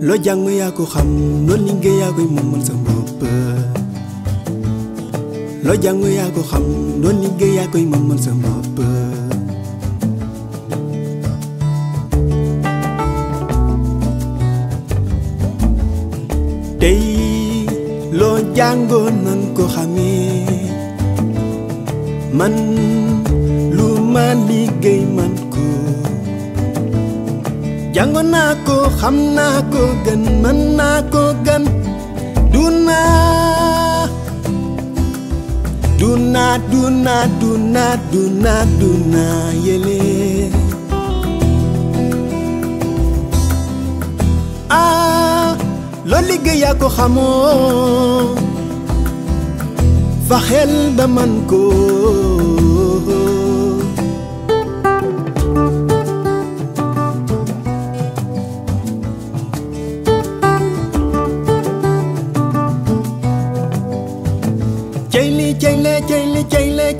lo jàng yaa ko xam loolu liggéey yaa koy moomal sa bopp lo jàng yaa ko xam loolu liggéey yaa koy moomal sa bopp tey loo jàngoon nan ko xamee e. man lu ma liggéey man Yang menako hamnako gan menako gan Duna Duna duna duna duna duna yele Ah loli geya ko xamo fahel ba man ko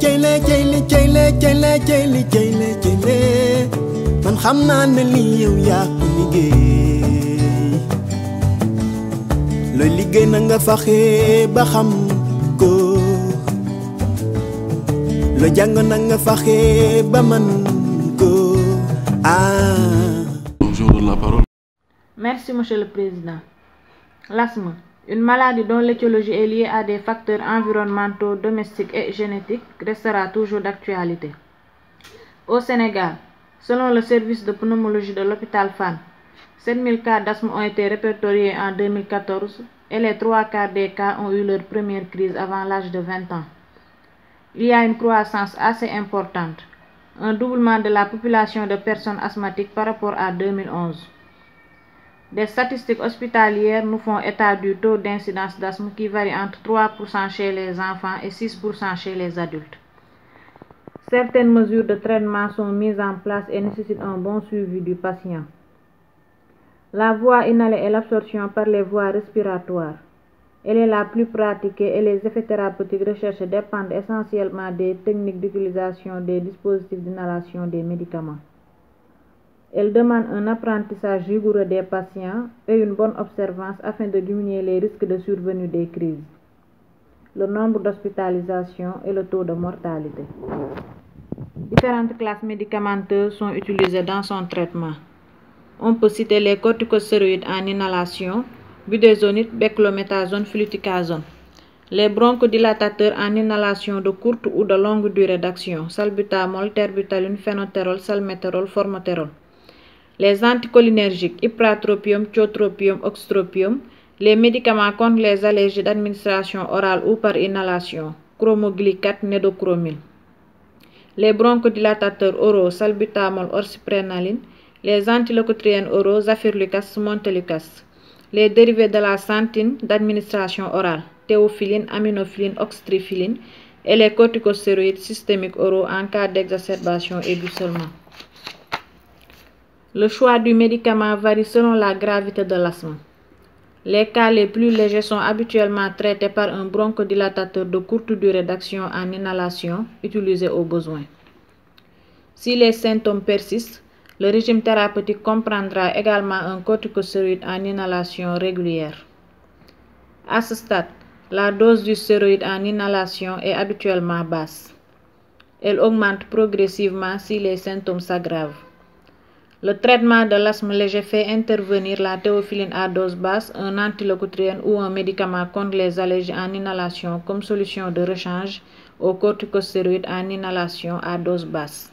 cëyle cëyle cëyle cëyle cëyle cëyle man xam naa ne lii yow yaa liggéey looy liggéey na nga faxe ba xam ko loo jàng na nga faxe ba man ko ah. Bonjour, la parole. Merci, monsieur le président. Lasma. Une maladie dont l'étiologie est liée à des facteurs environnementaux, domestiques et génétiques restera toujours d'actualité. Au Sénégal, selon le service de pneumologie de l'hôpital FAN, 7000 cas d'asthme ont été répertoriés en 2014 et les trois quarts des cas ont eu leur première crise avant l'âge de 20 ans. Il y a une croissance assez importante, un doublement de la population de personnes asthmatiques par rapport à 2011. Des statistiques hospitalières nous font état du taux d'incidence d'asthme qui varie entre 3% chez les enfants et 6% chez les adultes. Certaines mesures de traitement sont mises en place et nécessitent un bon suivi du patient. La voie inhalée et l'absorption par les voies respiratoires. Elle est la plus pratiquée et les effets thérapeutiques recherchés dépendent essentiellement des techniques d'utilisation des dispositifs d'inhalation des médicaments. Elle demande un apprentissage rigoureux des patients et une bonne observance afin de diminuer les risques de survenue des crises, le nombre d'hospitalisations et le taux de mortalité. Différentes classes médicamenteuses sont utilisées dans son traitement. On peut citer les corticostéroïdes en inhalation, budesonide, beclométasone, fluticasone. Les bronchodilatateurs en inhalation de courte ou de longue durée d'action, salbutamol, terbutaline, phénotérol, salmétérol, formotérol les anticholinergiques, ipratropium, tiotropium, oxtropium, les médicaments contre les allergies d'administration orale ou par inhalation, chromoglycate, nédochromine, les bronchodilatateurs oraux, salbutamol, orciprenaline. les antilocutriennes oraux, zafirlucas, montelucas, les dérivés de la santine d'administration orale, théophiline, aminophylline, oxtriphiline, et les corticostéroïdes systémiques oraux en cas d'exacerbation aiguë seulement. Le choix du médicament varie selon la gravité de l'asthme. Les cas les plus légers sont habituellement traités par un bronchodilatateur de courte durée d'action en inhalation utilisé au besoin. Si les symptômes persistent, le régime thérapeutique comprendra également un corticostéroïde en inhalation régulière. À ce stade, la dose du stéroïde en inhalation est habituellement basse. Elle augmente progressivement si les symptômes s'aggravent. Le traitement de l'asthme léger fait intervenir la théophiline à dose basse, un antilocutrien ou un médicament contre les allergies en inhalation comme solution de rechange au corticostéroïde en inhalation à dose basse.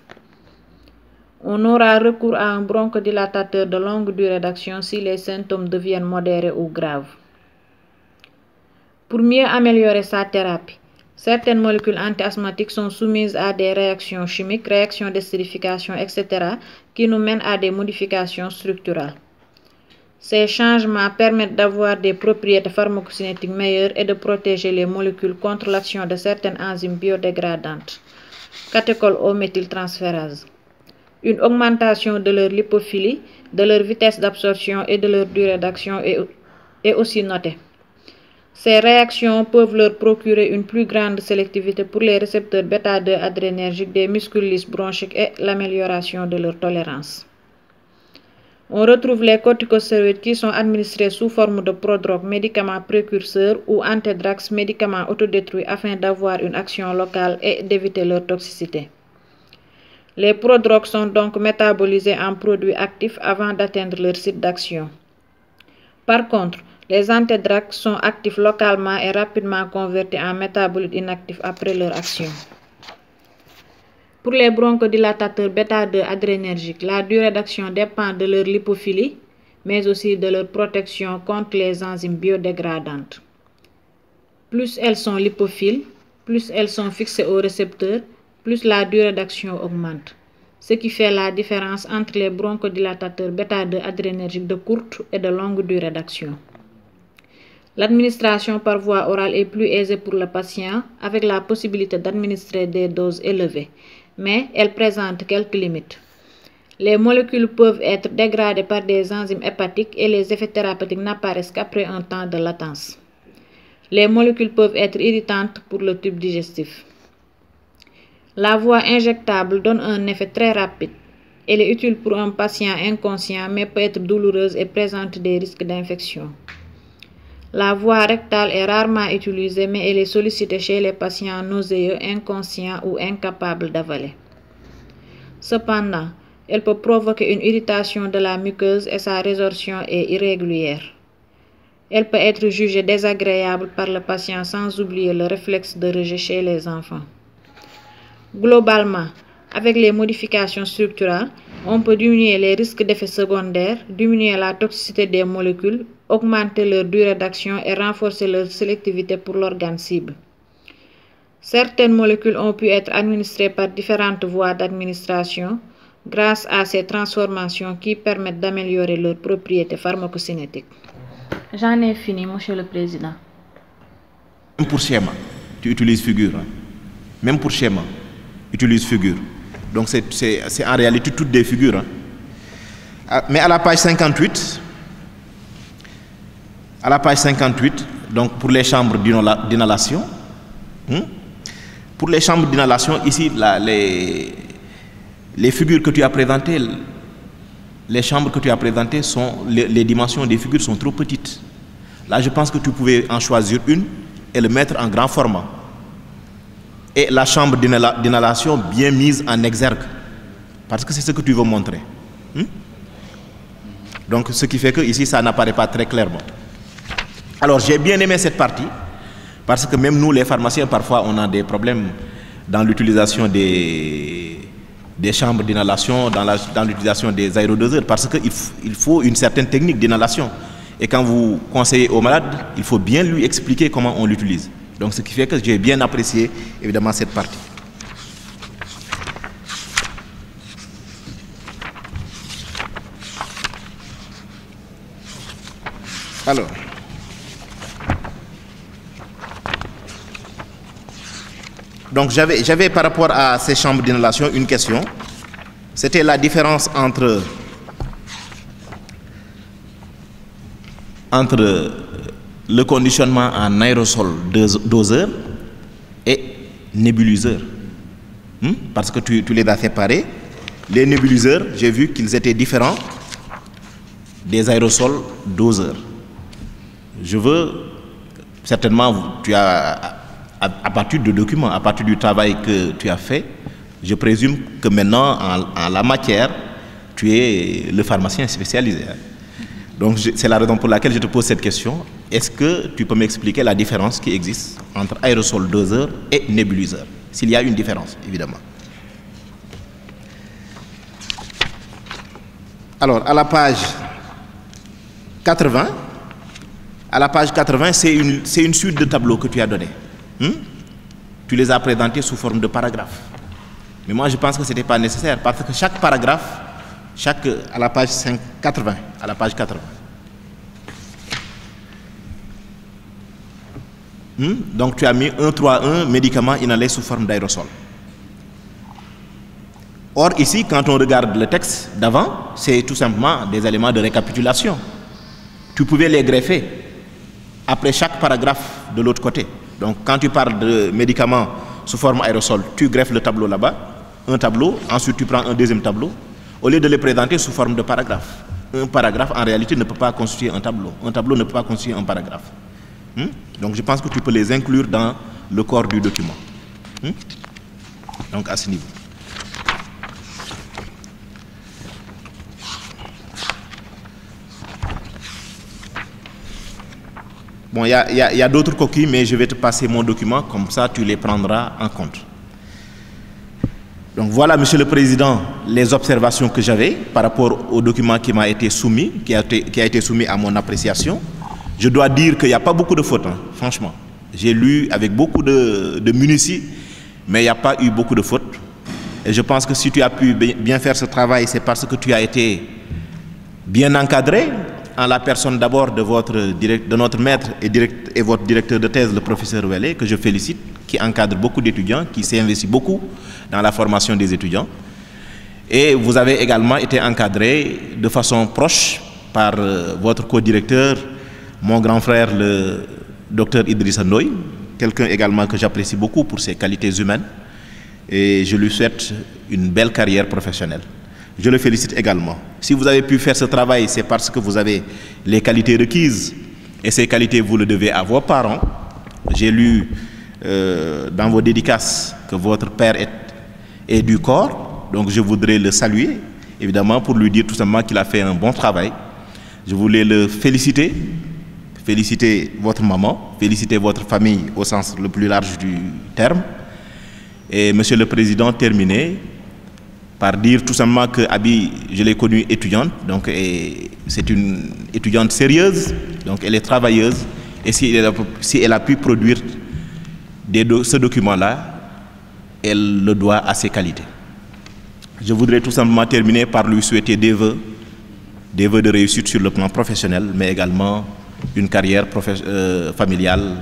On aura recours à un bronchodilatateur de longue durée d'action si les symptômes deviennent modérés ou graves. Pour mieux améliorer sa thérapie, Certaines molécules anti-asthmatiques sont soumises à des réactions chimiques, réactions d'estérification, etc., qui nous mènent à des modifications structurales. Ces changements permettent d'avoir des propriétés pharmacocinétiques meilleures et de protéger les molécules contre l'action de certaines enzymes biodégradantes, catéchol o méthyltransférase. Une augmentation de leur lipophilie, de leur vitesse d'absorption et de leur durée d'action est aussi notée. Ces réactions peuvent leur procurer une plus grande sélectivité pour les récepteurs bêta-2 adrénergiques des muscles lisses bronchiques et l'amélioration de leur tolérance. On retrouve les corticostéroïdes qui sont administrés sous forme de prodrogues, médicaments précurseurs ou antédrax, médicaments autodétruits afin d'avoir une action locale et d'éviter leur toxicité. Les prodrogues sont donc métabolisés en produits actifs avant d'atteindre leur site d'action. Par contre, les antédraques sont actifs localement et rapidement convertis en métabolites inactifs après leur action. Pour les bronchodilatateurs bêta-2 adrénergiques, la durée d'action dépend de leur lipophilie, mais aussi de leur protection contre les enzymes biodégradantes. Plus elles sont lipophiles, plus elles sont fixées au récepteur, plus la durée d'action augmente, ce qui fait la différence entre les bronchodilatateurs bêta-2 adrénergiques de courte et de longue durée d'action. L'administration par voie orale est plus aisée pour le patient avec la possibilité d'administrer des doses élevées, mais elle présente quelques limites. Les molécules peuvent être dégradées par des enzymes hépatiques et les effets thérapeutiques n'apparaissent qu'après un temps de latence. Les molécules peuvent être irritantes pour le tube digestif. La voie injectable donne un effet très rapide. Elle est utile pour un patient inconscient mais peut être douloureuse et présente des risques d'infection. La voie rectale est rarement utilisée, mais elle est sollicitée chez les patients nauséeux, inconscients ou incapables d'avaler. Cependant, elle peut provoquer une irritation de la muqueuse et sa résorption est irrégulière. Elle peut être jugée désagréable par le patient sans oublier le réflexe de rejet chez les enfants. Globalement, avec les modifications structurelles, on peut diminuer les risques d'effets secondaires, diminuer la toxicité des molécules, augmenter leur durée d'action et renforcer leur sélectivité pour l'organe cible. Certaines molécules ont pu être administrées par différentes voies d'administration grâce à ces transformations qui permettent d'améliorer leurs propriétés pharmacocinétiques. J'en ai fini, Monsieur le Président. Même pour schéma, tu utilises figure. Hein. Même pour schéma, utilise figure. Donc c'est en réalité toutes des figures. Hein. Ah, mais à la page 58, à la page 58, donc pour les chambres d'inhalation, hmm, pour les chambres d'inhalation, ici, les, figures que tu as présentées, les chambres que tu as présentées, sont, les dimensions des figures sont trop petites. Là, je pense que tu pouvais en choisir une et le mettre en grand format et la chambre d'inhalation bien mise en exergue. Parce que c'est ce que tu veux montrer. Hmm? Donc, ce qui fait que ici, ça n'apparaît pas très clairement. Alors, j'ai bien aimé cette partie, parce que même nous, les pharmaciens, parfois, on a des problèmes dans l'utilisation des, chambres d'inhalation, dans l'utilisation des aérodoseurs, parce qu'il faut une certaine technique d'inhalation. Et quand vous conseillez au malade, il faut bien lui expliquer comment on l'utilise. Donc ce qui fait que j'ai bien apprécié évidemment cette partie. Alors, donc j'avais par rapport à ces chambres d'inhalation une question. C'était la différence entre entre le conditionnement en aérosol doseur et nébuliseur. Hmm? Parce que tu, les as séparés. Les nébuliseurs, j'ai vu qu'ils étaient différents des aérosols doseurs. Je veux, certainement, tu à, partir du document, à partir du travail que tu as fait, je présume que maintenant, en la matière, tu es le pharmacien spécialisé. Hein. Donc, c'est la raison pour laquelle je te pose cette question est-ce que tu peux m'expliquer la différence qui existe entre aérosol doseur et nébuliseur S'il y a une différence, évidemment. Alors, à la page 80, à la page 80, c'est une, suite de tableaux que tu as donné. Hmm? Tu les as présentés sous forme de paragraphes. Mais moi, je pense que ce n'était pas nécessaire parce que chaque paragraphe, à la page 80, à la page 80, Hmm? Donc tu as mis 1, 3, 1 médicament inhalé sous forme d'aérosol. Or ici, quand on regarde le texte d'avant, c'est tout simplement des éléments de récapitulation. Tu pouvais les greffer après chaque paragraphe de l'autre côté. Donc quand tu parles de médicaments sous forme aérosol, tu greffes le tableau là-bas, un tableau, ensuite tu prends un deuxième tableau, au lieu de les présenter sous forme de paragraphe. Un paragraphe en réalité ne peut pas constituer un tableau. Un tableau ne peut pas constituer un paragraphe. Hmm? Donc je pense que tu peux les inclure dans le corps du document. Hmm? Donc à ce niveau. Bon, il y a, d'autres coquilles, mais je vais te passer mon document, comme ça tu les prendras en compte. Donc voilà, Monsieur le Président, les observations que j'avais par rapport au document qui m'a été soumis, qui a été soumis à mon appréciation. Je dois dire qu'il n'y a pas beaucoup de fautes, hein, franchement. J'ai lu avec beaucoup de, de mais il n'y a pas eu beaucoup de fautes. Et je pense que si tu as pu bien faire ce travail, c'est parce que tu as été bien encadré en la personne d'abord de, votre direct, de notre maître et, direct, et votre directeur de thèse, le professeur Ouellet, que je félicite, qui encadre beaucoup d'étudiants, qui s'est investi beaucoup dans la formation des étudiants. Et vous avez également été encadré de façon proche par euh, votre co-directeur, mon grand frère, le docteur Idrissa Ndoye, quelqu'un également que j'apprécie beaucoup pour ses qualités humaines. Et je lui souhaite une belle carrière professionnelle. Je le félicite également. Si vous avez pu faire ce travail, c'est parce que vous avez les qualités requises. Et ces qualités, vous le devez à vos parents. J'ai lu euh, dans vos dédicaces que votre père est, est du corps. Donc je voudrais le saluer, évidemment, pour lui dire tout simplement qu'il a fait un bon travail. Je voulais le féliciter féliciter votre maman, féliciter votre famille au sens le plus large du terme. Et Monsieur le Président, terminer par dire tout simplement que Abi, je l'ai connue étudiante, donc c'est une étudiante sérieuse, donc elle est travailleuse, et si elle a, pu produire ce document-là, elle le doit à ses qualités. Je voudrais tout simplement terminer par lui souhaiter des vœux, des vœux de réussite sur le plan professionnel, mais également une carrière euh, familiale,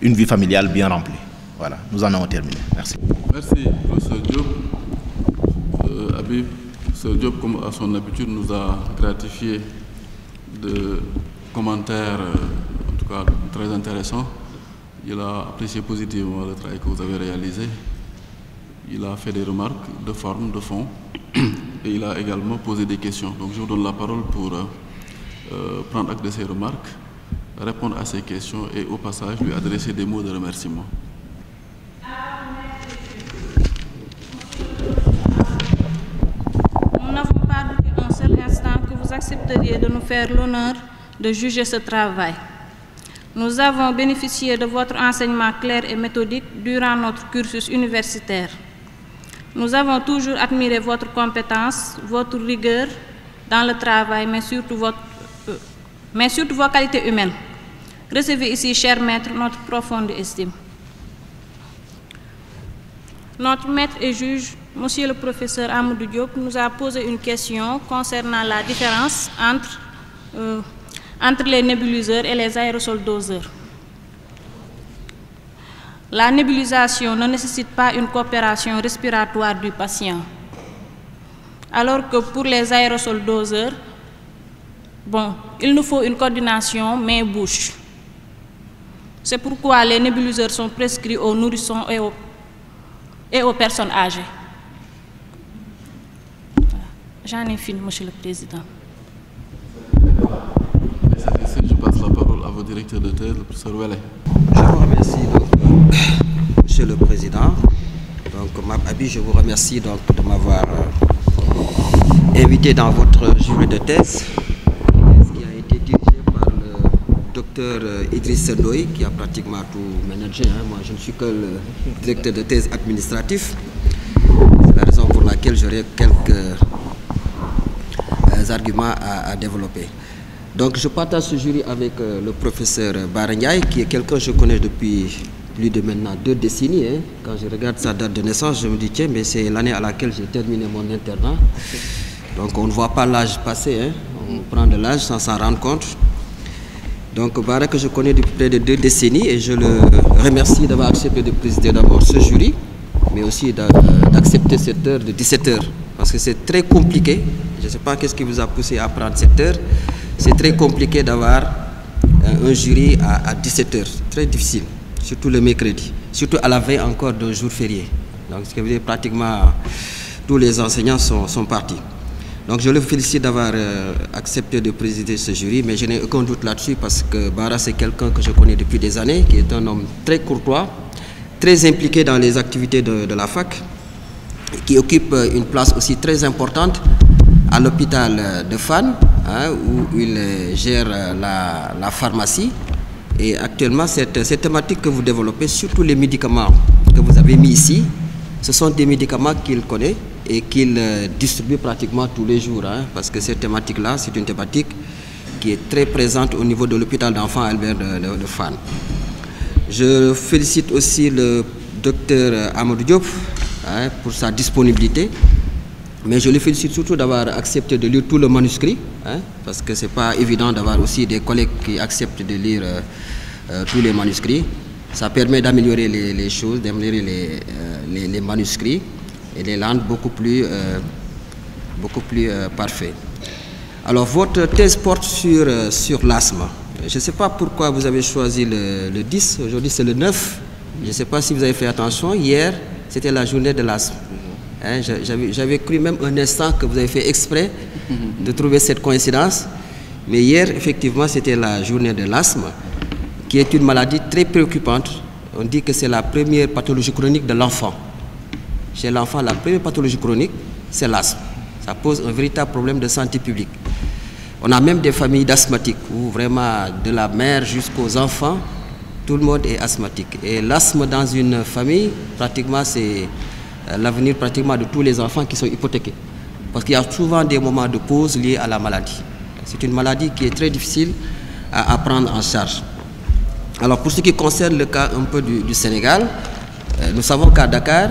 une vie familiale bien remplie. Voilà, nous en avons terminé. Merci. Merci, professeur Diop. Euh, Diop, comme à son habitude, nous a gratifié de commentaires, euh, en tout cas très intéressants. Il a apprécié positivement le travail que vous avez réalisé. Il a fait des remarques de forme, de fond, et il a également posé des questions. Donc je vous donne la parole pour... Euh, euh, prendre acte de ses remarques, répondre à ses questions et au passage lui adresser des mots de remerciement. Nous n'avons pas douté un seul instant que vous accepteriez de nous faire l'honneur de juger ce travail. Nous avons bénéficié de votre enseignement clair et méthodique durant notre cursus universitaire. Nous avons toujours admiré votre compétence, votre rigueur dans le travail, mais surtout votre mais surtout vos qualités humaines. Recevez ici, cher maître, notre profonde estime. Notre maître et juge, monsieur le professeur Amadou Diop, nous a posé une question concernant la différence entre, euh, entre les nébuliseurs et les aérosols doseurs. La nébulisation ne nécessite pas une coopération respiratoire du patient, alors que pour les aérosols doseurs, Bon, il nous faut une coordination main-bouche. C'est pourquoi les nébuliseurs sont prescrits aux nourrissons et aux, et aux personnes âgées. J'en ai fini, Monsieur le Président. Je passe la parole à votre directeur de thèse, le professeur Ouellet. Je vous remercie, donc, Monsieur le Président. Donc, Abi, je vous remercie donc, de m'avoir euh, invité dans votre jury de thèse docteur euh, Idriss Sendoy, qui a pratiquement tout managé. Hein. Moi, je ne suis que le directeur de thèse administratif. C'est la raison pour laquelle j'aurai quelques euh, arguments à, développer. Donc, je partage ce jury avec euh, le professeur Barangay, qui est quelqu'un que je connais depuis plus de maintenant deux décennies. Hein. Quand je regarde sa date de naissance, je me dis, tiens, mais c'est l'année à laquelle j'ai terminé mon internat. Donc, on ne voit pas l'âge passer. Hein. On prend de l'âge sans s'en rendre compte. Donc Barak, que je connais depuis près de deux décennies et je le remercie d'avoir accepté de présider d'abord ce jury, mais aussi d'accepter cette heure de 17 h Parce que c'est très compliqué, je ne sais pas qu'est-ce qui vous a poussé à prendre cette heure, c'est très compliqué d'avoir euh, un jury à, à 17 heures, très difficile, surtout le mercredi, surtout à la veille encore d'un jour férié. Donc ce qui veut dire pratiquement tous les enseignants sont partis. Donc je le félicite d'avoir euh, accepté de présider ce jury, mais je n'ai aucun doute là-dessus parce que Barra, c'est quelqu'un que je connais depuis des années, qui est un homme très courtois, très impliqué dans les activités de, la fac, qui occupe euh, une place aussi très importante à l'hôpital euh, de Fan, hein, où il gère la, pharmacie. Et actuellement, cette thématique que vous développez, surtout les médicaments que vous avez mis ici, ce sont des médicaments qu'il connaît, et qu'il euh, distribue pratiquement tous les jours, hein, parce que cette thématique-là, c'est une thématique qui est très présente au niveau de l'hôpital d'enfants Albert de, Fan. Je félicite aussi le docteur euh, Amadou Diop hein, pour sa disponibilité, mais je le félicite surtout d'avoir accepté de lire tout le manuscrit, hein, parce que ce n'est pas évident d'avoir aussi des collègues qui acceptent de lire euh, tous les manuscrits. Ça permet d'améliorer les, choses, d'améliorer les, les manuscrits et des landes beaucoup plus, euh, beaucoup plus euh, Alors, votre thèse porte sur, euh, sur l'asthme. Je ne sais pas pourquoi vous avez choisi le, 10, aujourd'hui c'est le 9. Je ne sais pas si vous avez fait attention. Hier, c'était la journée de l'asthme. Hein, j'avais cru même un instant que vous avez fait exprès de trouver cette coïncidence. Mais hier, effectivement, c'était la journée de l'asthme, qui est une maladie très préoccupante. On dit que c'est la première pathologie chronique de l'enfant. Chez l'enfant, la première pathologie chronique, c'est l'asthme. Ça pose un véritable problème de santé publique. On a même des familles d'asthmatiques où vraiment de la mère jusqu'aux enfants, tout le monde est asthmatique. Et l'asthme dans une famille, pratiquement, c'est euh, l'avenir pratiquement de tous les enfants qui sont hypothéqués. Parce qu'il y a souvent des moments de pause liés à la maladie. C'est une maladie qui est très difficile à, prendre en charge. Alors pour ce qui concerne le cas un peu du Sénégal, euh, nous savons qu'à Dakar,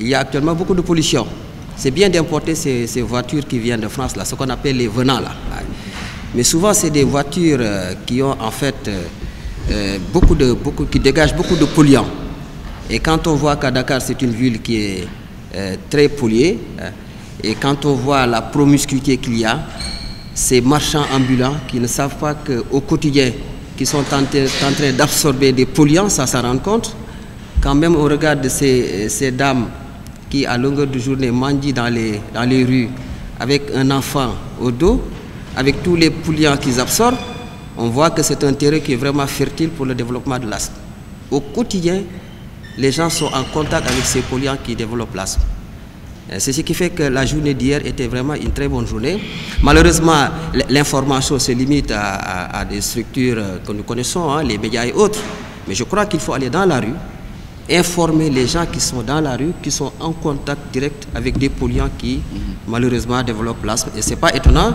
il y a actuellement beaucoup de pollution. C'est bien d'importer ces, voitures qui viennent de France, là, ce qu'on appelle les venants. Là. Mais souvent, c'est des voitures euh, qui ont en fait euh, euh, beaucoup de, beaucoup, qui dégagent beaucoup de polluants. Et quand on voit qu'à Dakar, c'est une ville qui est très polluée, hein, et quand on voit la promiscuité qu'il y a, ces marchands ambulants qui ne savent pas qu'au quotidien, qui sont en, en train d'absorber des polluants, ça s'en rend compte. Quand même au regard de ces, ces dames qui, à longueur de journée, mendient dans les, dans les rues avec un enfant au dos, avec tous les polluants qu'ils absorbent, on voit que c'est un terrain qui est vraiment fertile pour le développement de l'asthme. Au quotidien, les gens sont en contact avec ces polluants qui développent l'asthme. C'est ce qui fait que la journée d'hier était vraiment une très bonne journée. Malheureusement, l'information se limite à, des structures euh, que nous connaissons, hein, les médias et autres. Mais je crois qu'il faut aller dans la rue, informer les gens qui sont dans la rue, qui sont en contact direct avec des polluants qui malheureusement développent l'asthme. Et c'est pas étonnant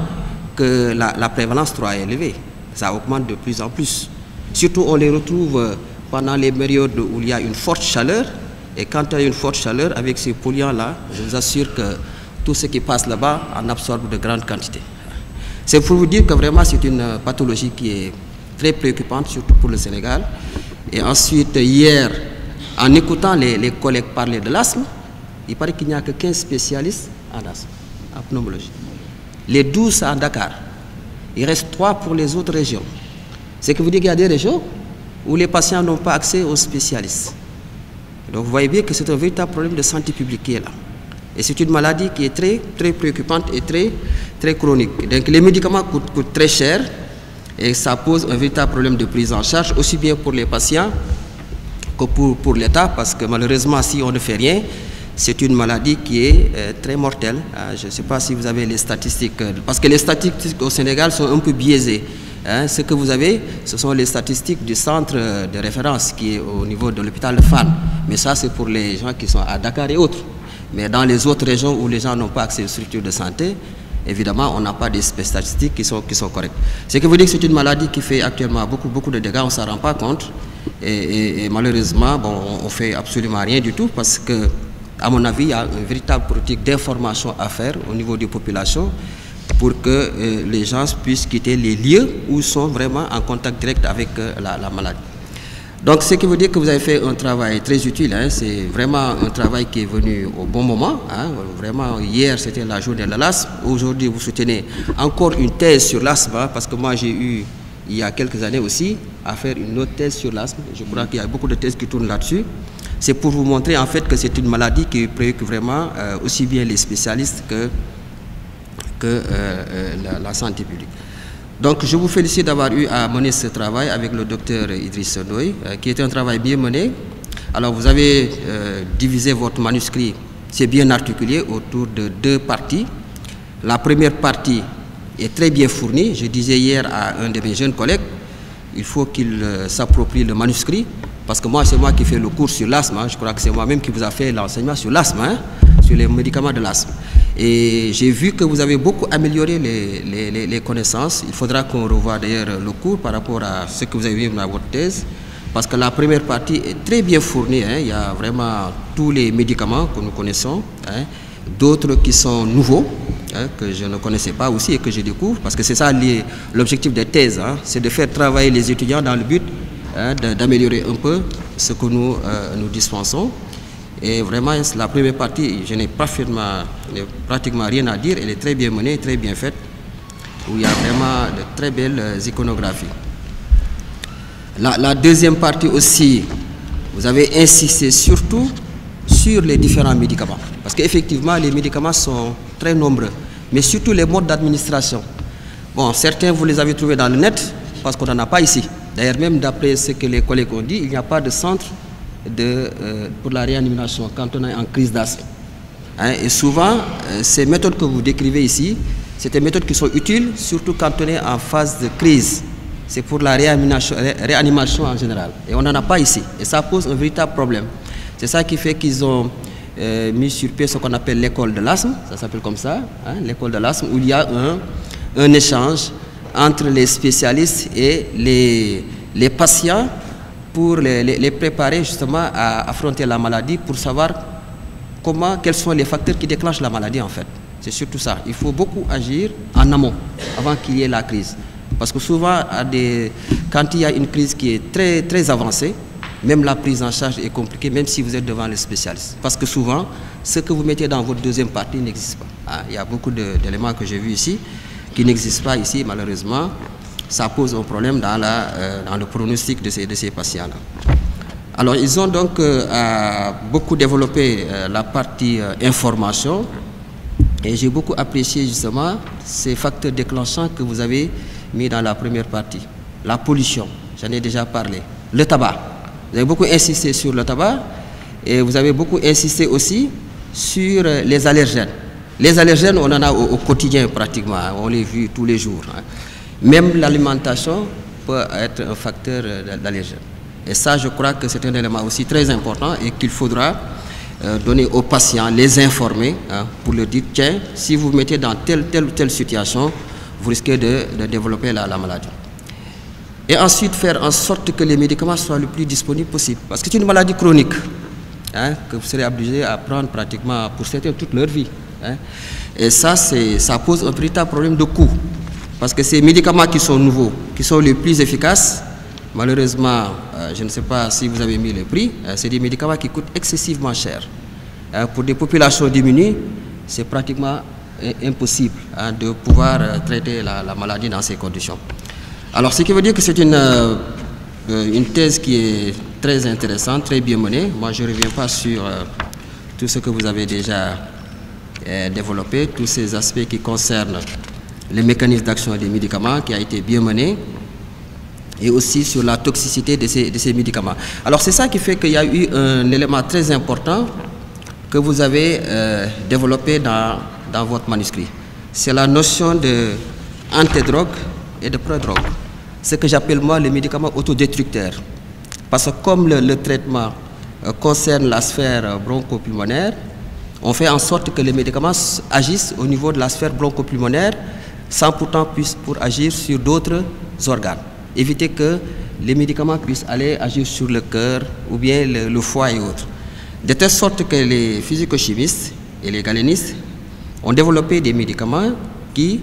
que la, prévalence soit est élevée. Ça augmente de plus en plus. Surtout, on les retrouve euh, pendant les périodes où il y a une forte chaleur. Et quand il y a une forte chaleur, avec ces polluants-là, je vous assure que tout ce qui passe là-bas en absorbe de grandes quantités. C'est pour vous dire que vraiment, c'est une euh, pathologie qui est très préoccupante, surtout pour le Sénégal. Et ensuite, hier, en écoutant les, collègues parler de l'asthme, il paraît qu'il n'y a que 15 spécialistes en asthme, en pneumologie. Les 12 à Dakar. Il reste 3 pour les autres régions. C'est que vous dites qu'il y a des régions où les patients n'ont pas accès aux spécialistes. Donc vous voyez bien que c'est un véritable problème de santé publique qui est là. Et c'est une maladie qui est très, très préoccupante et très, très chronique. Donc les médicaments coûtent très cher et ça pose un véritable problème de prise en charge, aussi bien pour les patients pour, pour l'État, parce que malheureusement, si on ne fait rien, c'est une maladie qui est euh, très mortelle. Euh, je ne sais pas si vous avez les statistiques, euh, parce que les statistiques au Sénégal sont un peu biaisées. Hein. Ce que vous avez, ce sont les statistiques du centre de référence qui est au niveau de l'hôpital de Fan. Mais ça, c'est pour les gens qui sont à Dakar et autres. Mais dans les autres régions où les gens n'ont pas accès aux structures de santé, évidemment, on n'a pas des statistiques qui sont, qui sont correctes. Ce que vous dites que c'est une maladie qui fait actuellement beaucoup, beaucoup de dégâts, on ne s'en rend pas compte. Et, malheureusement, bon, on ne fait absolument rien du tout parce que, à mon avis, il y a une véritable politique d'information à faire au niveau des populations pour que euh, les gens puissent quitter les lieux où sont vraiment en contact direct avec euh, la, la, maladie. Donc, ce qui veut dire que vous avez fait un travail très utile. Hein. c'est vraiment un travail qui est venu au bon moment. Hein. vraiment, hier, c'était la journée de l'asthme. Aujourd'hui, vous soutenez encore une thèse sur l'asthme hein, parce que moi, j'ai eu il y a quelques années aussi à faire une autre thèse sur l'asthme. Je crois qu'il y a beaucoup de thèses qui tournent là-dessus. C'est pour vous montrer en fait que c'est une maladie qui préoccupe vraiment euh, aussi bien les spécialistes que, que euh, euh, la, santé publique. Donc je vous félicite d'avoir eu à mener ce travail avec le docteur Idriss Sodoy qui est un travail bien mené. Alors vous avez divisé votre manuscrit, c'est bien articulé, autour de deux parties. La première partie est très bien fourni. Je disais hier à un de mes jeunes collègues, il faut qu'il euh, s'approprie le manuscrit, parce que moi, c'est moi qui fais le cours sur l'asthme. Hein. Je crois que c'est moi-même qui vous a fait l'enseignement sur l'asthme, hein, sur les médicaments de l'asthme. Et j'ai vu que vous avez beaucoup amélioré les, connaissances. Il faudra qu'on revoie d'ailleurs le cours par rapport à ce que vous avez vu dans votre thèse parce que la première partie est très bien fournie. Hein. Il y a vraiment tous les médicaments que nous connaissons d'autres qui sont nouveaux, hein, que je ne connaissais pas aussi et que je découvre, parce que c'est ça l'objectif des thèses, hein, c'est de faire travailler les étudiants dans le but hein, d'améliorer un peu ce que nous, euh, nous dispensons. Et vraiment, la première partie, je n'ai pratiquement, pratiquement rien à dire, elle est très bien menée, très bien faite, où il y a vraiment de très belles euh, iconographies. la deuxième partie aussi, vous avez insisté surtout sur les différents médicaments. Parce qu'effectivement, les médicaments sont très nombreux, mais surtout les modes d'administration. Bon, certains, vous les avez trouvés dans le net, parce qu'on n'en a pas ici. D'ailleurs, même d'après ce que les collègues ont dit, il n'y a pas de centre de, euh, pour la réanimation quand on est en crise d'asthme. Hein, et souvent, euh, ces méthodes que vous décrivez ici, c'est des méthodes qui sont utiles, surtout quand on est en phase de crise. C'est pour la réanimation, réanimation en général. Et on n'en a pas ici. Et ça pose un véritable problème. C'est ça qui fait qu'ils ont euh, mis sur pied ce qu'on appelle l'école de l'asthme, ça s'appelle comme ça, hein, l'école de l'asthme, où il y a un, un, échange entre les spécialistes et les, les patients pour les, les, préparer justement à affronter la maladie, pour savoir comment, quels sont les facteurs qui déclenchent la maladie en fait. C'est surtout ça. Il faut beaucoup agir en amont, avant qu'il y ait la crise. Parce que souvent, à des, quand il y a une crise qui est très, très avancée, même la prise en charge est compliquée, même si vous êtes devant le spécialiste. Parce que souvent, ce que vous mettez dans votre deuxième partie n'existe pas. Ah, il y a beaucoup d'éléments que j'ai vus ici qui n'existent pas ici, malheureusement. Ça pose un problème dans, la, euh, dans le pronostic de ces, patients-là. Alors, ils ont donc euh, beaucoup développé euh, la partie information et j'ai beaucoup apprécié justement ces facteurs déclenchants que vous avez mis dans la première partie. La pollution, j'en ai déjà parlé. Le tabac, vous avez beaucoup insisté sur le tabac et vous avez beaucoup insisté aussi sur euh, les allergènes. Les allergènes, on en a au, quotidien pratiquement, hein. on les vit tous les jours. Hein. Même l'alimentation peut être un facteur euh, d'allergène. Et ça, je crois que c'est un élément aussi très important et qu'il faudra euh, donner aux patients, les informer, hein, pour leur dire, tiens, si vous mettez dans telle, telle ou telle situation, vous risquez de, développer la maladie et ensuite faire en sorte que les médicaments soient le plus disponibles possible. Parce que c'est une maladie chronique hein, que vous serez obligé à prendre pratiquement pour certains toute leur vie. Hein. Et ça, ça pose un véritable problème de coût. Parce que ces médicaments qui sont nouveaux, qui sont les plus efficaces, malheureusement, euh, je ne sais pas si vous avez mis le prix, euh, c'est des médicaments qui coûtent excessivement cher. Euh, pour des populations diminuées, c'est pratiquement impossible hein, de pouvoir traiter la maladie dans ces conditions. Alors, ce qui veut dire que c'est euh, une, thèse qui est très intéressante, très bien menée. Moi, je ne reviens pas sur euh, tout ce que vous avez déjà euh, développé, tous ces aspects qui concernent les mécanismes d'action des médicaments qui a été bien mené et aussi sur la toxicité de ces, médicaments. Alors c'est ça qui fait qu'il y a eu un élément très important que vous avez développé dans, dans, votre manuscrit. C'est la notion de antidrogue et de prodrogue, ce que j'appelle moi les médicaments autodestructeurs. Parce que comme le, traitement euh, concerne la sphère euh, bronchopulmonaire, on fait en sorte que les médicaments agissent au niveau de la sphère bronchopulmonaire sans pourtant puisse pour agir sur d'autres organes. Éviter que les médicaments puissent aller agir sur le cœur ou bien le, le foie et autres. De telle sorte que les physico-chimistes et les galénistes ont développé des médicaments qui,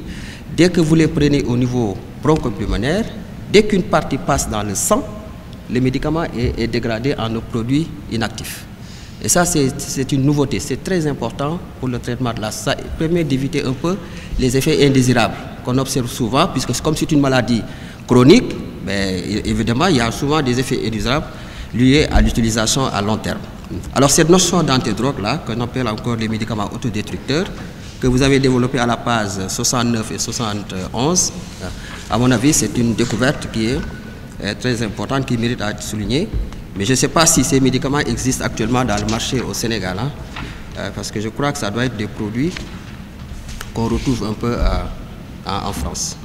dès que vous les prenez au niveau bronchopulmonaire, dès qu'une partie passe dans le sang, le médicament est, dégradé en un produit inactif. Et ça, c'est une nouveauté. C'est très important pour le traitement de la Ça permet d'éviter un peu les effets indésirables qu'on observe souvent, puisque comme c'est une maladie chronique, mais ben, évidemment, il y a souvent des effets indésirables liés à l'utilisation à long terme. Alors, cette notion d'antidrogue-là, qu'on appelle encore les médicaments autodestructeurs, que vous avez développé à la page 69 et 71, à mon avis, c'est une découverte qui est, euh, très importante, qui mérite à être soulignée. Mais je ne sais pas si ces médicaments existent actuellement dans le marché au Sénégal, hein. euh, parce que je crois que ça doit être des produits qu'on retrouve un peu en France.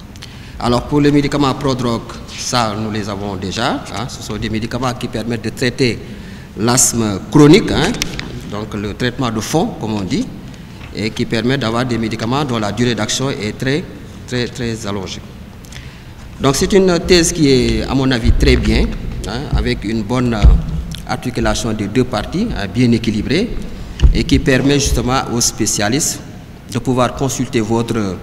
Alors pour les médicaments pro-drogue, ça nous les avons déjà. Hein. ce sont des médicaments qui permettent de traiter l'asthme chronique, hein. donc le traitement de fond, comme on dit, et qui permettent d'avoir des médicaments dont la durée d'action est très, très, très allongée. Donc c'est une thèse qui est, à mon avis, très bien, hein, avec une bonne euh, articulation des deux parties, hein, bien équilibrée, et qui permet justement aux spécialistes de pouvoir consulter votre euh,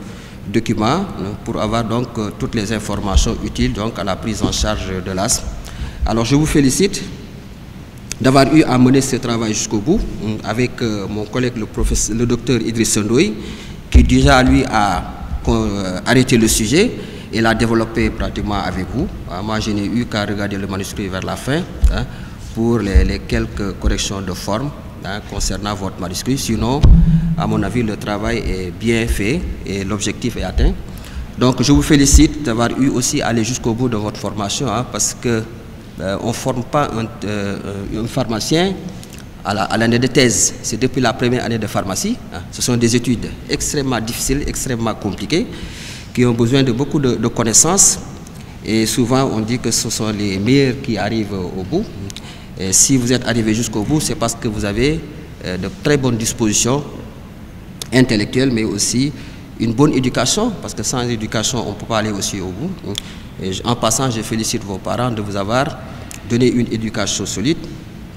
document hein, pour avoir donc euh, toutes les informations utiles donc à la prise en charge de l'AS. Alors je vous félicite d'avoir eu à mener ce travail jusqu'au bout avec mon collègue le, le docteur Idriss Ndoye qui déjà lui a arrêté le sujet et la développé pratiquement avec vous. Ah, moi, je n'ai eu qu'à regarder le manuscrit vers la fin hein, pour les, quelques corrections de forme hein, concernant votre manuscrit. Sinon, à mon avis, le travail est bien fait et l'objectif est atteint. Donc, je vous félicite d'avoir eu aussi aller jusqu'au bout de votre formation hein, parce que euh, on ne forme pas un, euh, pharmacien à l'année de thèse. C'est depuis la première année de pharmacie. Ce sont des études extrêmement difficiles, extrêmement compliquées qui ont besoin de beaucoup de, connaissances. Et souvent, on dit que ce sont les meilleurs qui arrivent au bout. Et si vous êtes arrivé jusqu'au bout, c'est parce que vous avez euh, de très bonnes dispositions intellectuelles, mais aussi une bonne éducation, parce que sans éducation, on ne peut pas aller aussi au bout. en passant, je félicite vos parents de vous avoir donné une éducation solide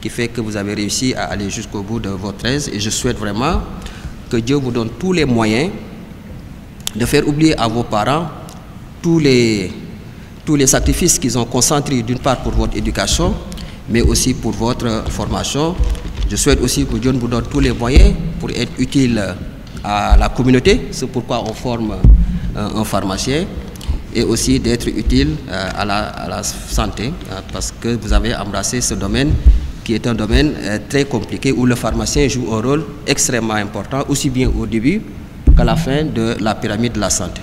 qui fait que vous avez réussi à aller jusqu'au bout de votre aise. Et je souhaite vraiment que Dieu vous donne tous les moyens de faire oublier à vos parents tous les, tous les sacrifices qu'ils ont concentrés d'une part pour votre éducation, mais aussi pour votre formation. Je souhaite aussi que Dieu vous donne tous les moyens pour être utile à la communauté, c'est pourquoi on forme euh, un pharmacien, et aussi d'être utile euh, à la, à la, santé, hein, parce que vous avez embrassé ce domaine qui est un domaine euh, très compliqué où le pharmacien joue un rôle extrêmement important, aussi bien au début à la fin de la pyramide de la santé.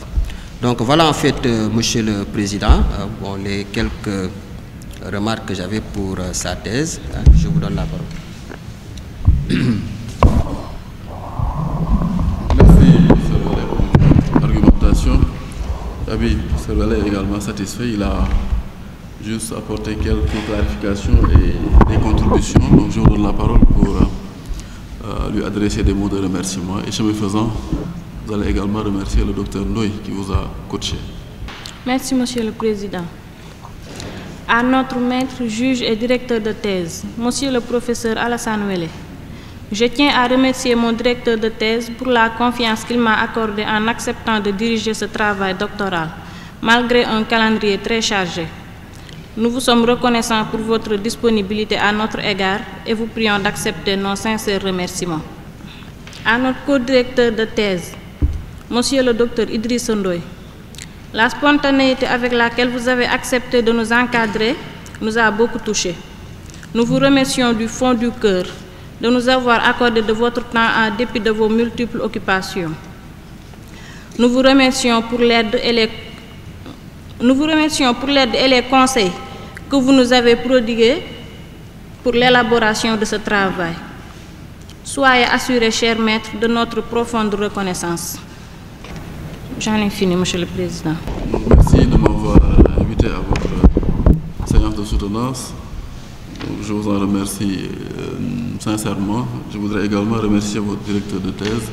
Donc voilà en fait, euh, Monsieur le Président, euh, bon, les quelques remarques que j'avais pour euh, sa thèse. Hein, je vous donne la parole. merci le valet est également satisfait. Il a juste apporté quelques clarifications et des contributions. Donc je vous donne la parole pour lui adresser des mots de remerciement. Et je me faisant, vous allez également remercier le docteur Noy qui vous a coaché. Merci, Monsieur le Président. À notre maître, juge et directeur de thèse, Monsieur le professeur Alassane Ouellet, je tiens à remercier mon directeur de thèse pour la confiance qu'il m'a accordée en acceptant de diriger ce travail doctoral, malgré un calendrier très chargé. Nous vous sommes reconnaissants pour votre disponibilité à notre égard et vous prions d'accepter nos sincères remerciements. À notre co-directeur de thèse, Monsieur le docteur Idriss Ndoye, la spontanéité avec laquelle vous avez accepté de nous encadrer nous a beaucoup touchés. Nous vous remercions du fond du cœur de nous avoir accordé de votre temps en dépit de vos multiples occupations. Nous vous remercions pour l'aide et les nous vous remercions pour l'aide et les conseils que vous nous avez prodigués pour l'élaboration de ce travail. Soyez assurés, cher maître, de notre profonde reconnaissance. J'en ai fini, Monsieur le Président. Merci de m'avoir euh, invité à votre euh, séance de soutenance. Je vous en remercie euh, sincèrement. Je voudrais également remercier votre directeur de thèse,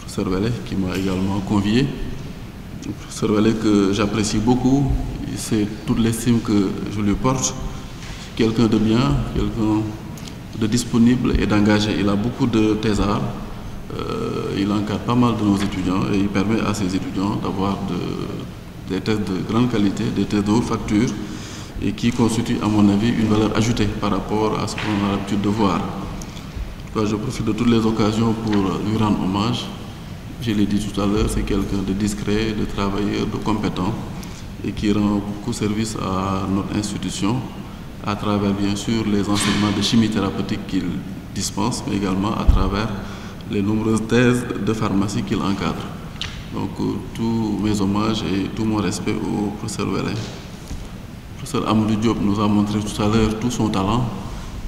Professeur Vallet, qui m'a également convié. Professeur Vallet, que j'apprécie beaucoup. C'est toute l'estime que je lui porte. Quelqu'un de bien, quelqu'un de disponible et d'engagé. Il a beaucoup de thésards euh, il encadre pas mal de nos étudiants et il permet à ces étudiants d'avoir des tests de grande qualité, des tests de haute facture et qui constituent à mon avis une valeur ajoutée par rapport à ce qu'on a l'habitude de voir. je profite de toutes les occasions pour lui rendre hommage. Je l'ai dit tout à l'heure, c'est quelqu'un de discret, de travailleur, de compétent et qui rend beaucoup service à notre institution à travers bien sûr les enseignements de chimie thérapeutique qu'il dispense, mais également à travers les nombreuses thèses de pharmacie qu'il encadre. Donc euh, tous mes hommages et tout mon respect au professeur Wélin. Le professeur Amadou Diop nous a montré tout à l'heure tout son talent.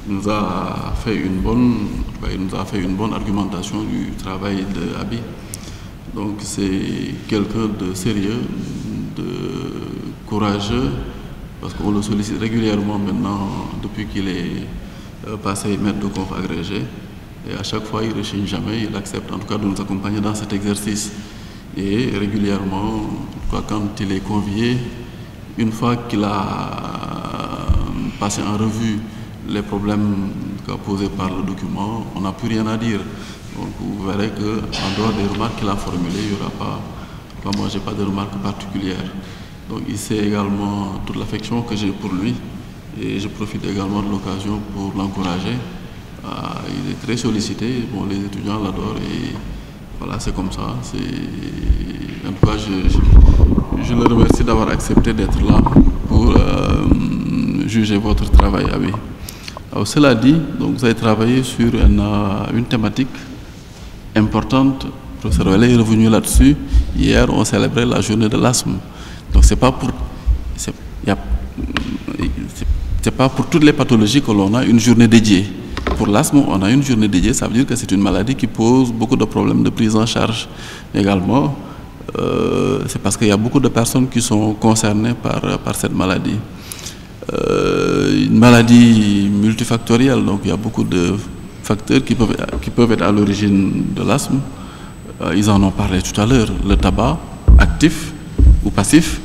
Il nous a fait une bonne, il nous a une bonne argumentation du travail d'Abi. Donc c'est quelqu'un de sérieux, de courageux, parce qu'on le sollicite régulièrement maintenant depuis qu'il est euh, passé maître de conf agrégé. Et à chaque fois, il ne rechigne jamais, il accepte en tout cas de nous accompagner dans cet exercice. Et régulièrement, quoi, quand il est convié, une fois qu'il a euh, passé en revue les problèmes posés par le document, on n'a plus rien à dire. Donc vous verrez qu'en dehors des remarques qu'il a formulées, il n'y aura pas, pas moi, je n'ai pas de remarques particulières. Donc il sait également toute l'affection que j'ai pour lui et je profite également de l'occasion pour l'encourager. Ah, il est très sollicité, bon, les étudiants l'adorent et voilà, c'est comme ça. En tout cas, je, le remercie d'avoir accepté d'être là pour euh, juger votre travail. Ah cela dit, donc, vous avez travaillé sur euh, une, thématique importante. Le professeur Valé est revenu là-dessus. Hier, on célébrait la journée de l'asthme. Donc, c'est pas pour. C'est pas pour toutes les pathologies que l'on a une journée dédiée pour l'asthme, on a une journée dédiée, ça veut dire que c'est une maladie qui pose beaucoup de problèmes de prise en charge également. Euh, c'est parce qu'il y a beaucoup de personnes qui sont concernées par, cette maladie. Euh, une maladie multifactorielle, donc il y a beaucoup de facteurs qui peuvent, qui peuvent être à l'origine de l'asthme. Euh, ils en ont parlé tout à l'heure. Le tabac, actif ou passif,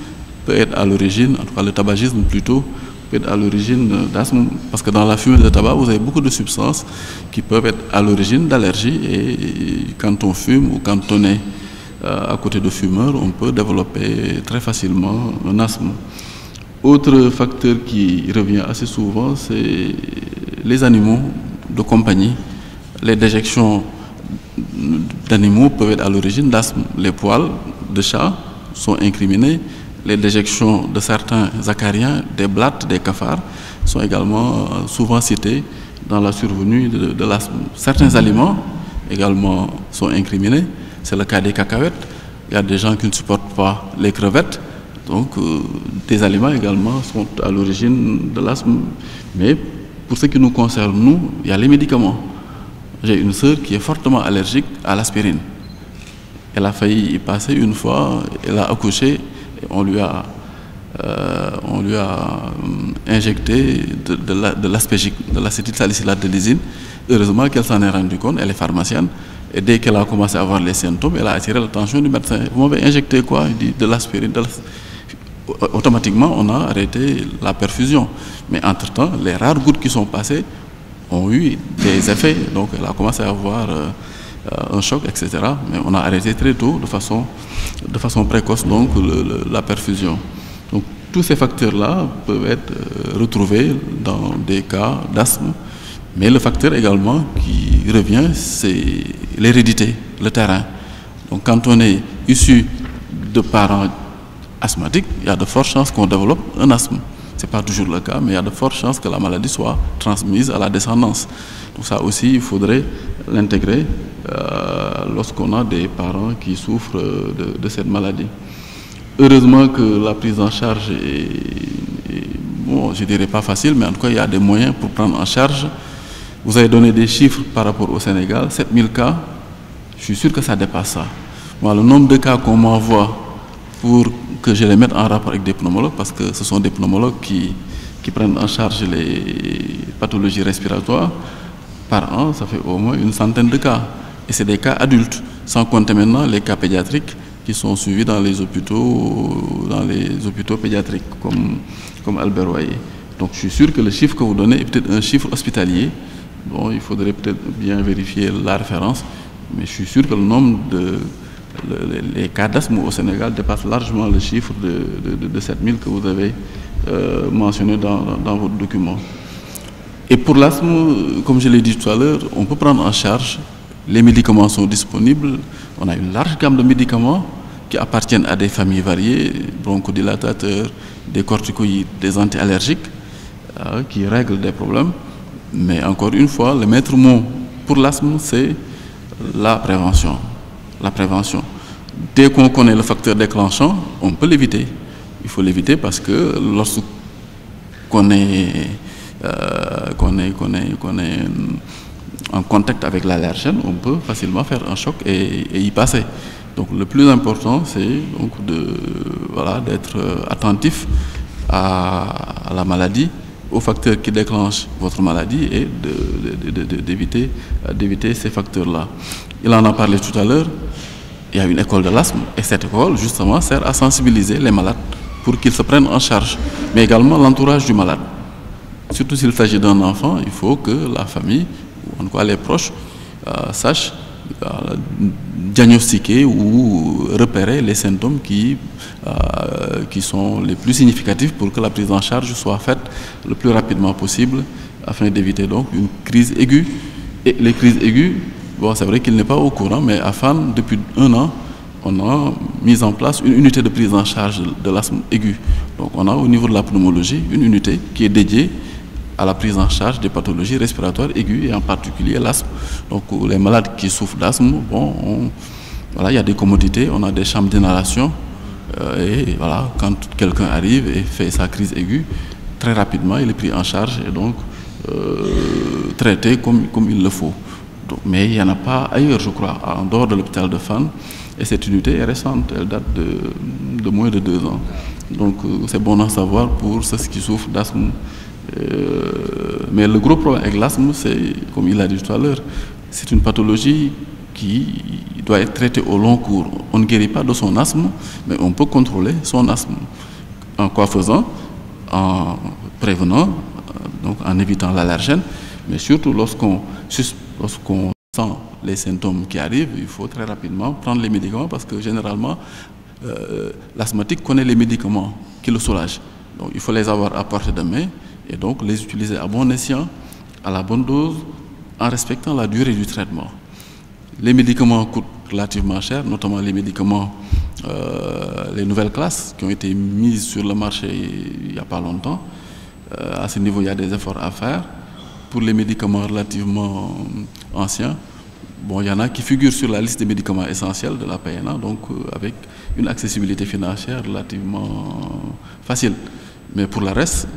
peut être à l'origine, en tout cas le tabagisme plutôt, peut être à l'origine d'asthme, parce que dans la fumée de tabac, vous avez beaucoup de substances qui peuvent être à l'origine d'allergies. Et, quand on fume ou quand on est euh, à côté de fumeurs, on peut développer très facilement un asthme. Autre facteur qui revient assez souvent, c'est les animaux de compagnie. Les déjections d'animaux peuvent être à l'origine d'asthme. Les poils de chat sont incriminés les déjections de certains acariens, des blattes, des cafards, sont également euh, souvent citées dans la survenue de, l'asthme. Certains aliments également sont incriminés. C'est le cas des cacahuètes. Il y a des gens qui ne supportent pas les crevettes. Donc, euh, des aliments également sont à l'origine de l'asthme. Mais pour ce qui nous concerne, nous, il y a les médicaments. J'ai une sœur qui est fortement allergique à l'aspirine. Elle a failli y passer une fois, elle a accouché, on lui a, euh, on lui a euh, injecté de, de salicylate de lysine. Heureusement qu'elle s'en est rendue compte, elle est pharmacienne. Et dès qu'elle a commencé à avoir les symptômes, elle a attiré l'attention du médecin. Vous m'avez injecté quoi Il dit de l'aspirine. Automatiquement, on a arrêté la perfusion. Mais entre-temps, les rares gouttes qui sont passées ont eu des effets. Donc, elle a commencé à avoir... Euh, euh, un choc, etc. Mais on a arrêté très tôt, de façon, de façon précoce, donc la perfusion. Donc tous ces facteurs-là peuvent être euh, retrouvés dans des cas d'asthme. Mais le facteur également qui revient, c'est l'hérédité, le terrain. Donc quand on est issu de parents asthmatiques, il y a de fortes chances qu'on développe un asthme. Ce n'est pas toujours le cas, mais il y a de fortes chances que la maladie soit transmise à la descendance. Donc ça aussi, il faudrait l'intégrer euh, lorsqu'on a des parents qui souffrent de, cette maladie. Heureusement que la prise en charge est, bon, je dirais pas facile, mais en tout cas, il y a des moyens pour prendre en charge. Vous avez donné des chiffres par rapport au Sénégal, 7000 cas, je suis sûr que ça dépasse ça. Moi, le nombre de cas qu'on m'envoie pour que je les mette en rapport avec des pneumologues, parce que ce sont des pneumologues qui, qui prennent en charge les pathologies respiratoires, par an, ça fait au moins une centaine de cas. Et c'est des cas adultes, sans compter maintenant les cas pédiatriques qui sont suivis dans les hôpitaux, dans les hôpitaux pédiatriques, comme, comme Albert Royer. Donc je suis sûr que le chiffre que vous donnez est peut-être un chiffre hospitalier. Bon, il faudrait peut-être bien vérifier la référence, mais je suis sûr que le nombre de les, cas d'asthme au Sénégal dépasse largement le chiffre de, 7000 que vous avez euh, mentionné dans, dans, votre document. Et pour l'asthme, comme je l'ai dit tout à l'heure, on peut prendre en charge les médicaments sont disponibles. On a une large gamme de médicaments qui appartiennent à des familles variées, bronchodilatateurs, des corticoïdes, des anti-allergiques, euh, qui règlent des problèmes. Mais encore une fois, le maître mot pour l'asthme, c'est la prévention. La prévention. Dès qu'on connaît le facteur déclenchant, on peut l'éviter. Il faut l'éviter parce que lorsqu'on est, euh, est, est en contact avec l'allergène, on peut facilement faire un choc et, y passer. Donc le plus important, c'est donc de voilà d'être euh, attentif à, la maladie, aux facteurs qui déclenchent votre maladie et d'éviter euh, de, ces facteurs-là. Il en a parlé tout à l'heure. Il y a une école de l'asthme et cette école justement sert à sensibiliser les malades pour qu'ils se prennent en charge, mais également l'entourage du malade. Surtout s'il s'agit d'un enfant, il faut que la famille en tout les proches, euh, sachent euh, diagnostiquer ou repérer les symptômes qui, euh, qui sont les plus significatifs pour que la prise en charge soit faite le plus rapidement possible afin d'éviter donc une crise aiguë. Et les crises aiguës, bon, c'est vrai qu'il n'est pas au courant, mais afin depuis un an, on a mis en place une unité de prise en charge de l'asthme aigu. Donc on a au niveau de la pneumologie une unité qui est dédiée à la prise en charge des pathologies respiratoires aiguës et en particulier l'asthme. Donc euh, les malades qui souffrent d'asthme, bon, voilà, il y a des commodités, on a des chambres d'inhalation. Euh, et voilà, quand quelqu'un arrive et fait sa crise aiguë, très rapidement, il est pris en charge et donc euh, traité comme, comme il le faut. mais il n'y en a pas ailleurs, je crois, en dehors de l'hôpital de Fan. Et cette unité est récente, elle date de, moins de deux ans. Donc c'est bon à savoir pour ceux qui souffrent d'asthme euh, mais le gros problème avec l'asthme, c'est, comme il a dit tout à l'heure, c'est une pathologie qui doit être traitée au long cours. On ne guérit pas de son asthme, mais on peut contrôler son asthme. En quoi faisant En prévenant, donc en évitant l'allergène, mais surtout lorsqu'on sent les symptômes qui arrivent, il faut très rapidement prendre les médicaments parce que généralement, euh, l'asthmatique connaît les médicaments qui le soulagent. Donc il faut les avoir à portée de main et donc les utiliser à bon escient, à la bonne dose, en respectant la durée du traitement. Les médicaments coûtent relativement cher, notamment les médicaments, euh, les nouvelles classes qui ont été mises sur le marché il n'y a pas longtemps. Euh, à ce niveau, il y a des efforts à faire. Pour les médicaments relativement anciens, bon, il y en a qui figurent sur la liste des médicaments essentiels de la PNA, donc euh, avec une accessibilité financière relativement facile. Mais pour le reste,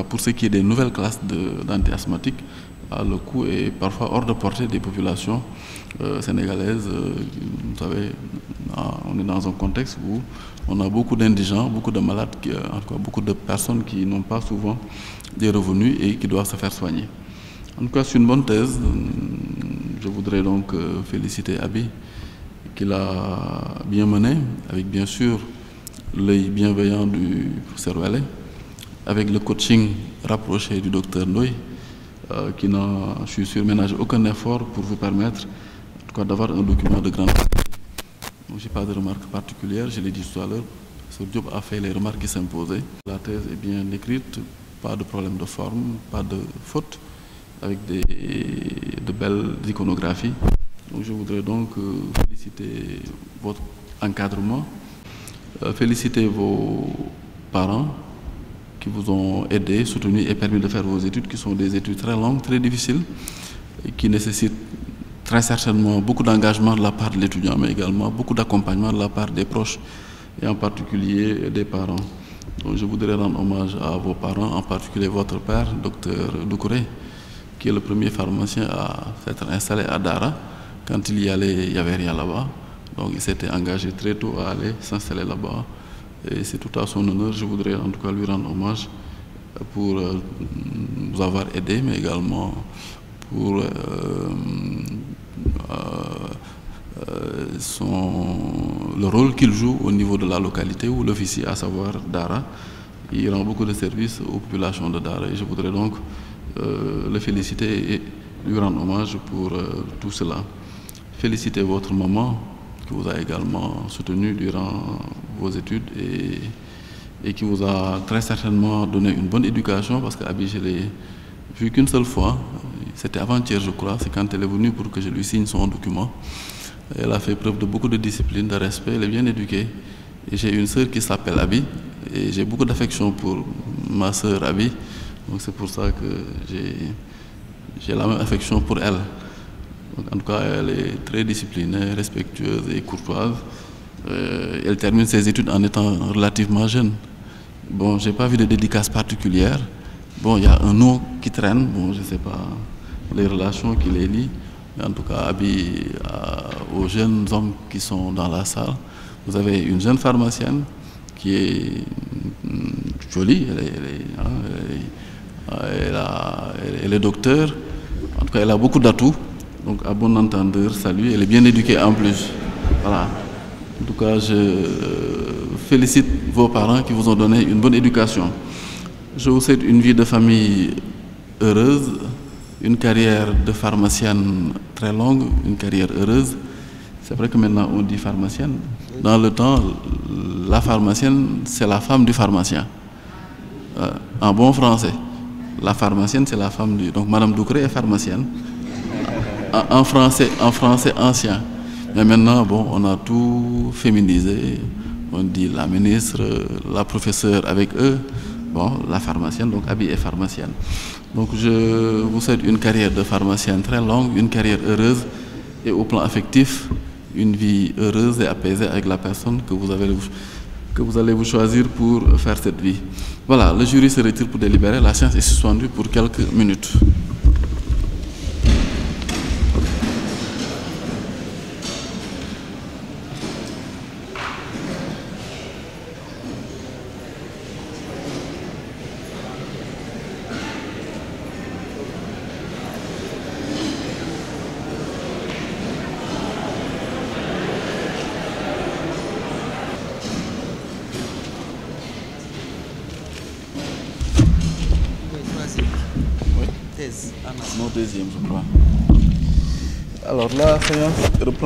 pour ce qui est des nouvelles classes d'anti-asthmatiques, ah, le coût est parfois hors de portée des populations euh, sénégalaises. Euh, vous savez, ah, on est dans un contexte où on a beaucoup d'indigents, beaucoup de malades, euh, en beaucoup de personnes qui n'ont pas souvent des revenus et qui doivent se faire soigner. En tout cas, c'est une bonne thèse. Je voudrais donc féliciter Abi qui l'a bien mené, avec bien sûr l'œil bienveillant du professeur avec le coaching rapproché du docteur Noy euh, qui n'a, je suis sûr, ménage aucun effort pour vous permettre d'avoir un document de grande qualité. Je n'ai pas de remarques particulières, je l'ai dit tout à l'heure. ce job a fait les remarques qui s'imposaient. La thèse est bien écrite, pas de problème de forme, pas de faute, avec des, de belles iconographies. Donc je voudrais donc euh, féliciter votre encadrement, euh, féliciter vos parents, qui vous ont aidé, soutenu et permis de faire vos études, qui sont des études très longues, très difficiles, et qui nécessitent très certainement beaucoup d'engagement de la part de l'étudiant, mais également beaucoup d'accompagnement de la part des proches, et en particulier des parents. Donc je voudrais rendre hommage à vos parents, en particulier votre père, docteur Doucouré, qui est le premier pharmacien à s'être installé à Dara. Quand il y allait, il n'y avait rien là-bas. Donc il s'était engagé très tôt à aller s'installer là-bas. Et c'est tout à son honneur. Je voudrais en tout cas lui rendre hommage pour euh, nous avoir aidé mais également pour euh, euh, son, le rôle qu'il joue au niveau de la localité où l'officier, à savoir Dara, il rend beaucoup de services aux populations de Dara. Et je voudrais donc le féliciter et lui rendre hommage pour tout cela. féliciter votre maman qui vous a également soutenu durant vos études et, et qui vous a très certainement donné une bonne éducation parce qu'Abi, je l'ai vu qu'une seule fois. C'était avant-hier, je crois. C'est quand elle est venue pour que je lui signe son document. Elle a fait preuve de beaucoup de discipline, de respect. Elle est bien éduquée. Et j'ai une sœur qui s'appelle Abby. Et j'ai beaucoup d'affection pour ma sœur Abby. Donc c'est pour ça que j'ai la même affection pour elle. en tout cas, elle est très disciplinée, respectueuse et courtoise. Euh, elle termine ses études en étant relativement jeune. Bon, n'ai pas vu de dédicace particulière. Bon, il y a un nom qui traîne, bon, je sais pas les relations qui les lient. Mais en tout cas, habillé euh, aux jeunes hommes qui sont dans la salle. Vous avez une jeune pharmacienne qui est mm, jolie, elle est, hein, elle elle est docteur, en tout cas elle a beaucoup d'atouts, donc à bon entendeur, salut, elle est bien éduquée en plus. Voilà. En tout cas, je euh, félicite vos parents qui vous ont donné une bonne éducation. Je vous souhaite une vie de famille heureuse, une carrière de pharmacienne très longue, une carrière heureuse. C'est vrai que maintenant on dit pharmacienne. Dans le temps, la pharmacienne, c'est la femme du pharmacien. Euh, en bon français, la pharmacienne, c'est la femme du... Donc Madame Doucré est pharmacienne. français, en français ancien. Mais maintenant, bon, on a tout féminisé. On dit la ministre, la professeure avec eux, bon, la pharmacienne, donc Abby est pharmacienne. Donc je vous souhaite une carrière de pharmacienne très longue, une carrière heureuse et au plan affectif, une vie heureuse et apaisée avec la personne que vous, avez, que vous allez vous choisir pour faire cette vie. Voilà, le jury se retire pour délibérer, la séance est suspendue pour quelques minutes.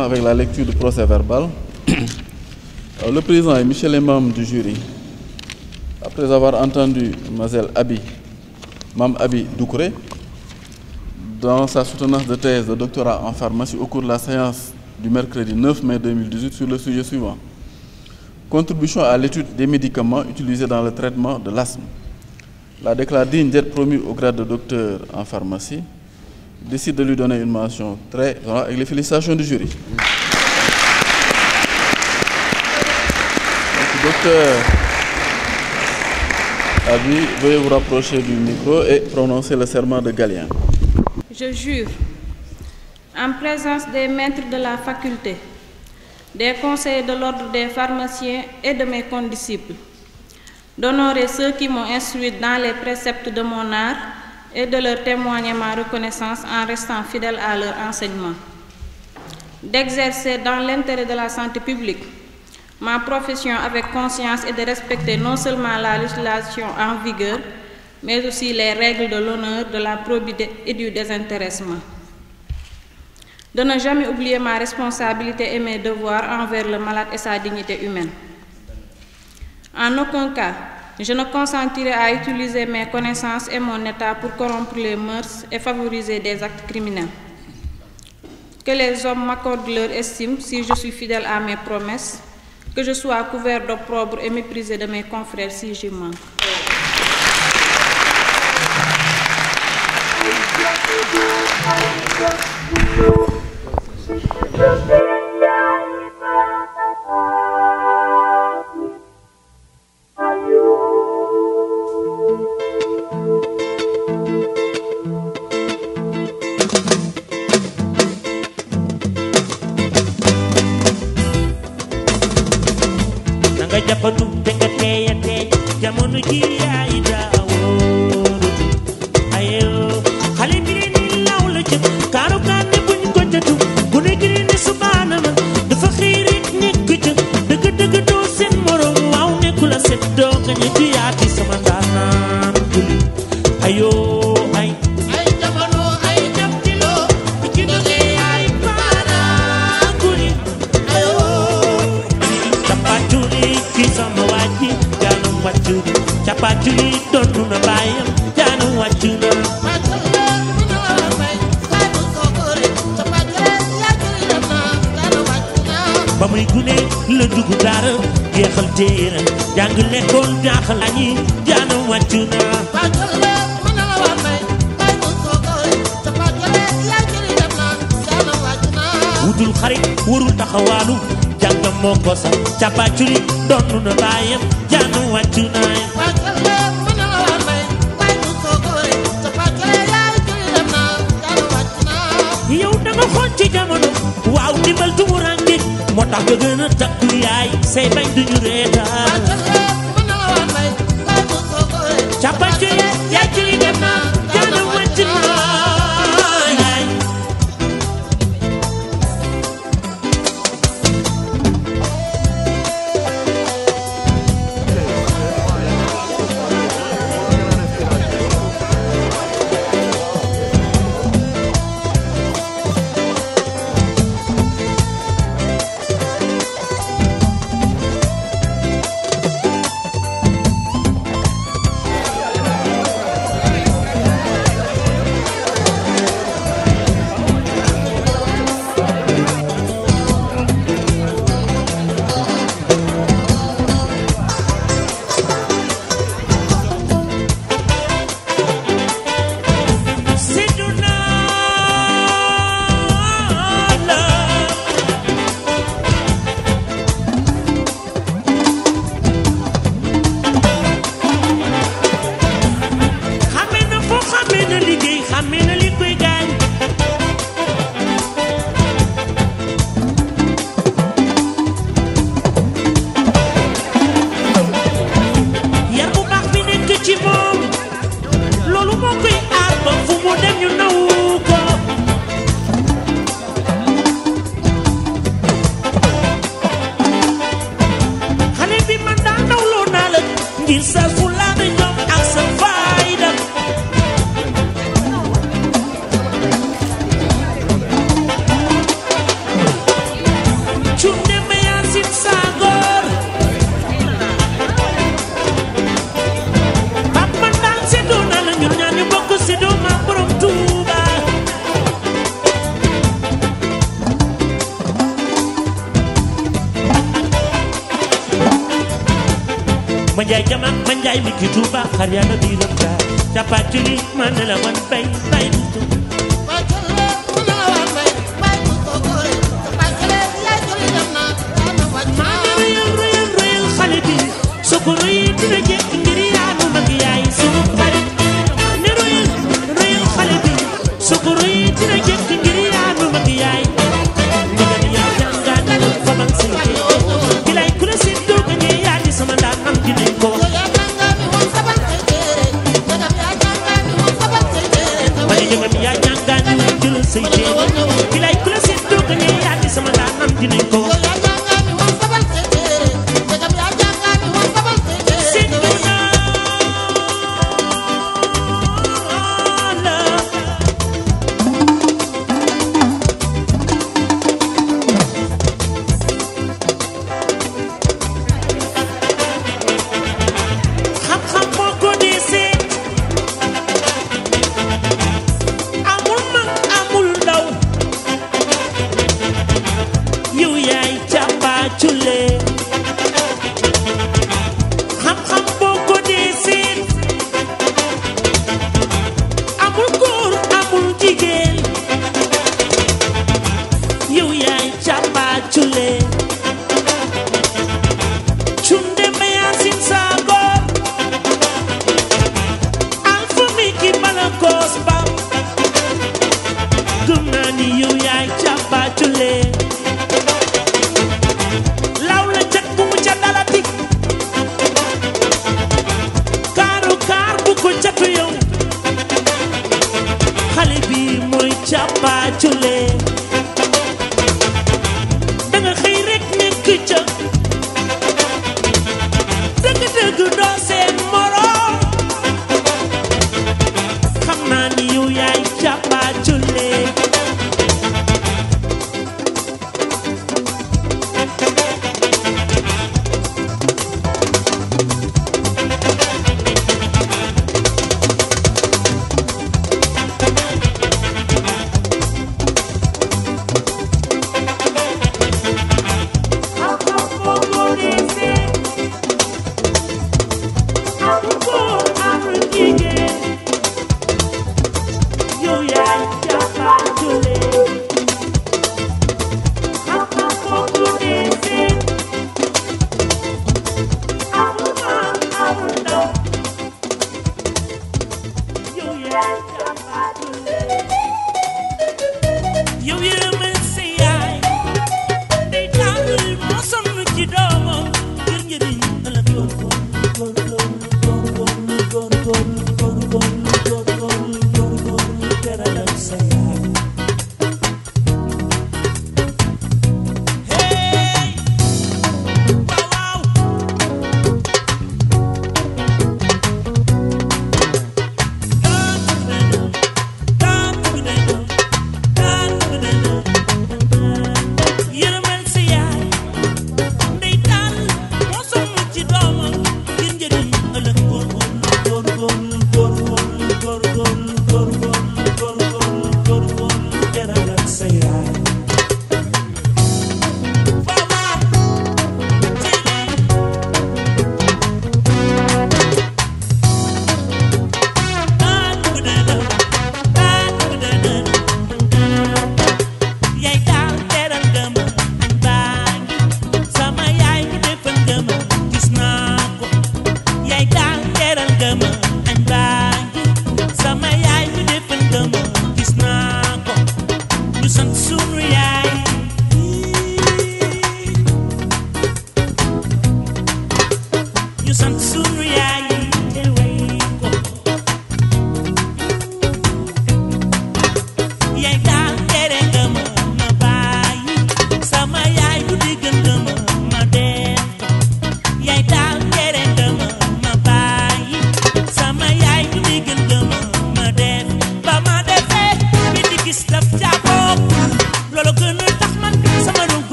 avec la lecture du procès verbal. Euh, le président et Michel et membres du jury, après avoir entendu Mlle Abi, Mme Abi Doucouré, dans sa soutenance de thèse de doctorat en pharmacie au cours de la séance du mercredi 9 mai 2018 sur le sujet suivant. Contribution à l'étude des médicaments utilisés dans le traitement de l'asthme. La déclare digne d'être promue au grade de docteur en pharmacie décide de lui donner une mention très grande avec les félicitations du jury. docteur Abi, veuillez vous rapprocher du micro et prononcer le serment de Galien. Je jure, en présence des maîtres de la faculté, des conseillers de l'ordre des pharmaciens et de mes condisciples, d'honorer ceux qui m'ont instruit dans les préceptes de mon art et de leur témoigner ma reconnaissance en restant fidèle à leur enseignement, d'exercer dans l'intérêt de la santé publique ma profession avec conscience et de respecter non seulement la législation en vigueur, mais aussi les règles de l'honneur, de la probité et du désintéressement. De ne jamais oublier ma responsabilité et mes devoirs envers le malade et sa dignité humaine. En aucun cas, je ne consentirai à utiliser mes connaissances et mon état pour corrompre les mœurs et favoriser des actes criminels. Que les hommes m'accordent leur estime si je suis fidèle à mes promesses, que je sois couvert d'opprobre et méprisé de mes confrères si j'y manque. nga jàppandu te nga tey a tey jamono yaay daa ayoo xale bi law la jëm kaaru ne buñ ko bu ne gi ne subaana dafa xëy nekk ca dëgg dëgg doo seen morom waaw nekku la set doo gañe ci yaati téere jàng lekkool jaax lañi jaana wàccu naa wutul xarit warul taxawaalu jàngam moo ko sax cappaaculi donnu na baayam jàng wàccu naay yow danga xool ci jamono moo tax nga gën a takku yaay say bañ duñu reetaan